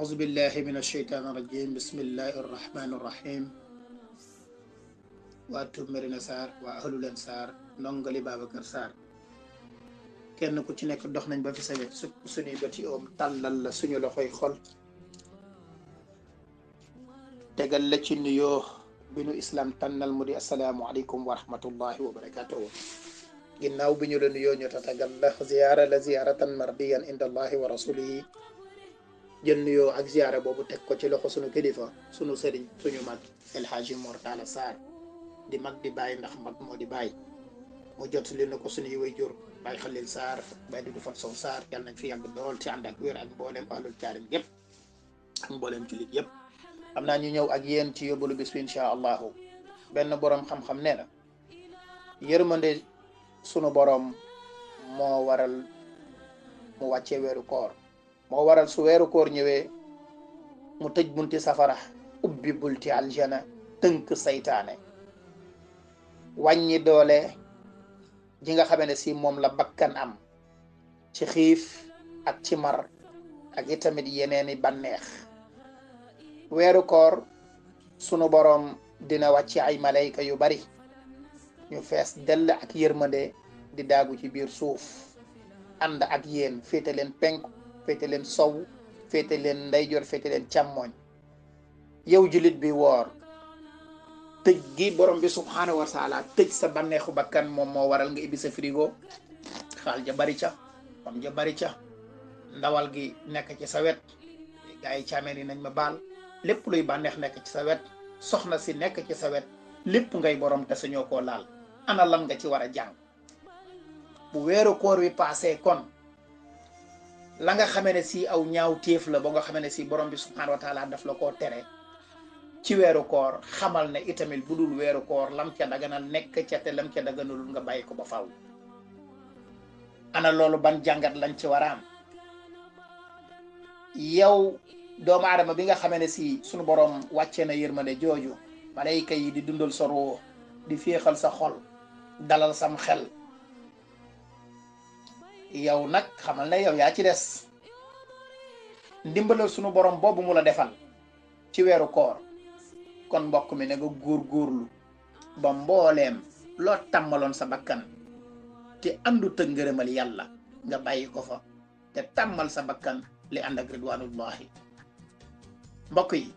أعوذ بالله من الشيطان الرجيم بسم الله الرحمن الرحيم waa Touba Merina Sarr waa ahlul Ansar ndongali Babacar Sarr kenn ku ci nekk dox nañ ba fi sa wet sukk suñuy bëti oom tàllal la suñu loxoy xol tegal la ci nuyoo bi nu islaam tànnal mu di asalaamualeykum wa rahmatullahi wa barakatuhu ginnaaw bi ñu la nuyoo ñu tatagal la ziyaara la ziyaaratan mardiyan inda allahi wa rasulihi jël yoo ak ziyaara boobu teg ko ci loxo sunu kilifa sunu sëriñ suñu mag El Hadji Mor Talla Sarr di mag di bàyyi ndax mag moo di bàyyi mu jot li na ko suñuy waajur Baye Khalil Sarr Baye Doudou Fatou Sow Sarr yàlla nañ fi yàgg lool ci ànd ak wér ak mboolem ahlul kaarim yëpp ak mboolem jullit yëpp naa ñu ñëw ak yéen ci yóbbalu bis bi incha allahu benn boroom xam-xam nee na yërmande sunu boroom moo waral mu wàccee weeru koor moo waral su weeru koor ñëwee mu tëj bunti safara ubbi bunti aljana tënk seytaane wàññi doole ji nga xamee ne si moom la bakkan am ci xiif ak ci mar ak itamit yeneeni bànneex weerukoor sunu borom dina wàcc ay malayka yu bari ñu fees dell ak yërmande di daagu ci biir suuf ànd ak yéen féete leen penk féete leen sow féete leen ndeyjoor féete leen càmmooñ yow jullit bi woor tëj gi boroom bi subhaanahu wa taala tëj sa bànneexu bakkan moom moo waral nga ibbi sa frigo xaal ja bari ca moom ja bari ca ndawal gi nekk ci sa wet gaa yi caameen yi nañ ma baal lépp luy bànneex nekk ci sa wet soxna si nekk ci sa wet lépp ngay borom te suñoo koo laal ana lan nga ci war a jàng bu weeru koor wi paasee kon la nga xamee ne si aw ñaaw téef la ba nga xamee ne si borom bi subhaanahu wa taala daf la koo tere ci weeru koor xamal ne itamit bu dul weeru koor lam ca daganal nekk ca te lam ca daganalul nga bay ko ba faw ana loolu ban jàngat lañ ci war a yow doomu aadama bi nga xamee ne si sunu borom wàccee na yërmande jooju malayka yi di dundal sa roo di féexal sa xol dalal sam xel yow nag xamal na yow yaa ci des ndimbalal sunu borom boobu mu la defal ci weeru koor kon mbokk mi ne nga góor góorlu ba mbooleem loo tàmmaloon sa bakkan te àndu tëg ngërëmal yàlla nga bàyyi ko fa te tàmmal sa bakkan li ànd ak ridwanullahi mbokk yi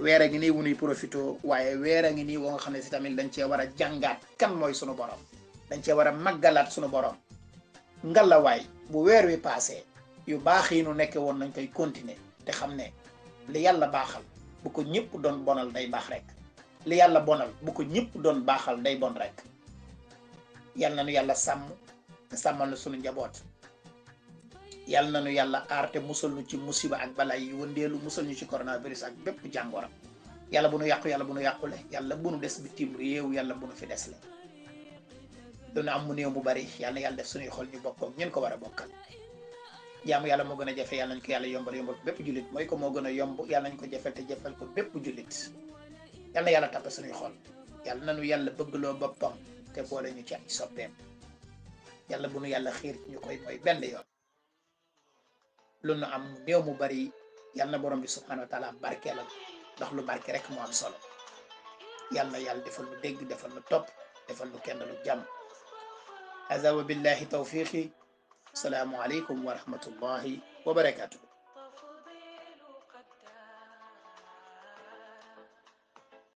weer a ngi nii wu nuy profito waaye weer a ngi nii woo nga xam ne si tamit dañ cee war a jàngaat kan mooy sunu borom dañ cee war a màggalaat sunu borom ngalawaay bu weer wi paasee yu baax yi nu nekke woon nañ koy continuer te xam ne li yàlla baaxal bu ko ñëpp doon bonal day baax rek li yàlla bonal bu ko ñëpp doon baaxal day bon rek yàlla na nu yàlla sàmm te sàmmal na sunu njaboot yal na nu yàlla aar te musal nu ci musiba ak balaay yi wëndeelu musal ñu ci coronavirus ak bépp jàngoro yàlla bu nu yàqu yàlla bu nu yàqule yàlla bu nu des bitim réew yàlla bu nu fi desle dana am mu néew mu bari yàlla na def suñuy xol ñu bokkook ñeen ko war a bokkal jaamu yàlla moo gën a jafe yàlla nañ ko yàlla yombal yombal ko bépp jullit mooy ko moo gën yomb yàlla nañ ko jafel te jafel ko bépp jullit yàlla na yàlla tàppe suñuy xol yàlla nanu yàlla bëggloo boppam te boole ñu ci ay soppeem yàlla bu yàlla xiir ñu koy benn yoon lu nu am néew mu bari yàlla na borom bi subhanahu wa taala barkeelal ndax lu barke rek moo am solo yàlla na yàlla defal nu dégg defal nu topp defal nu kenn lu jàmm hada wa billahi tawfiqi asalaamu aleykum wa rahmatullahi wa barakatuh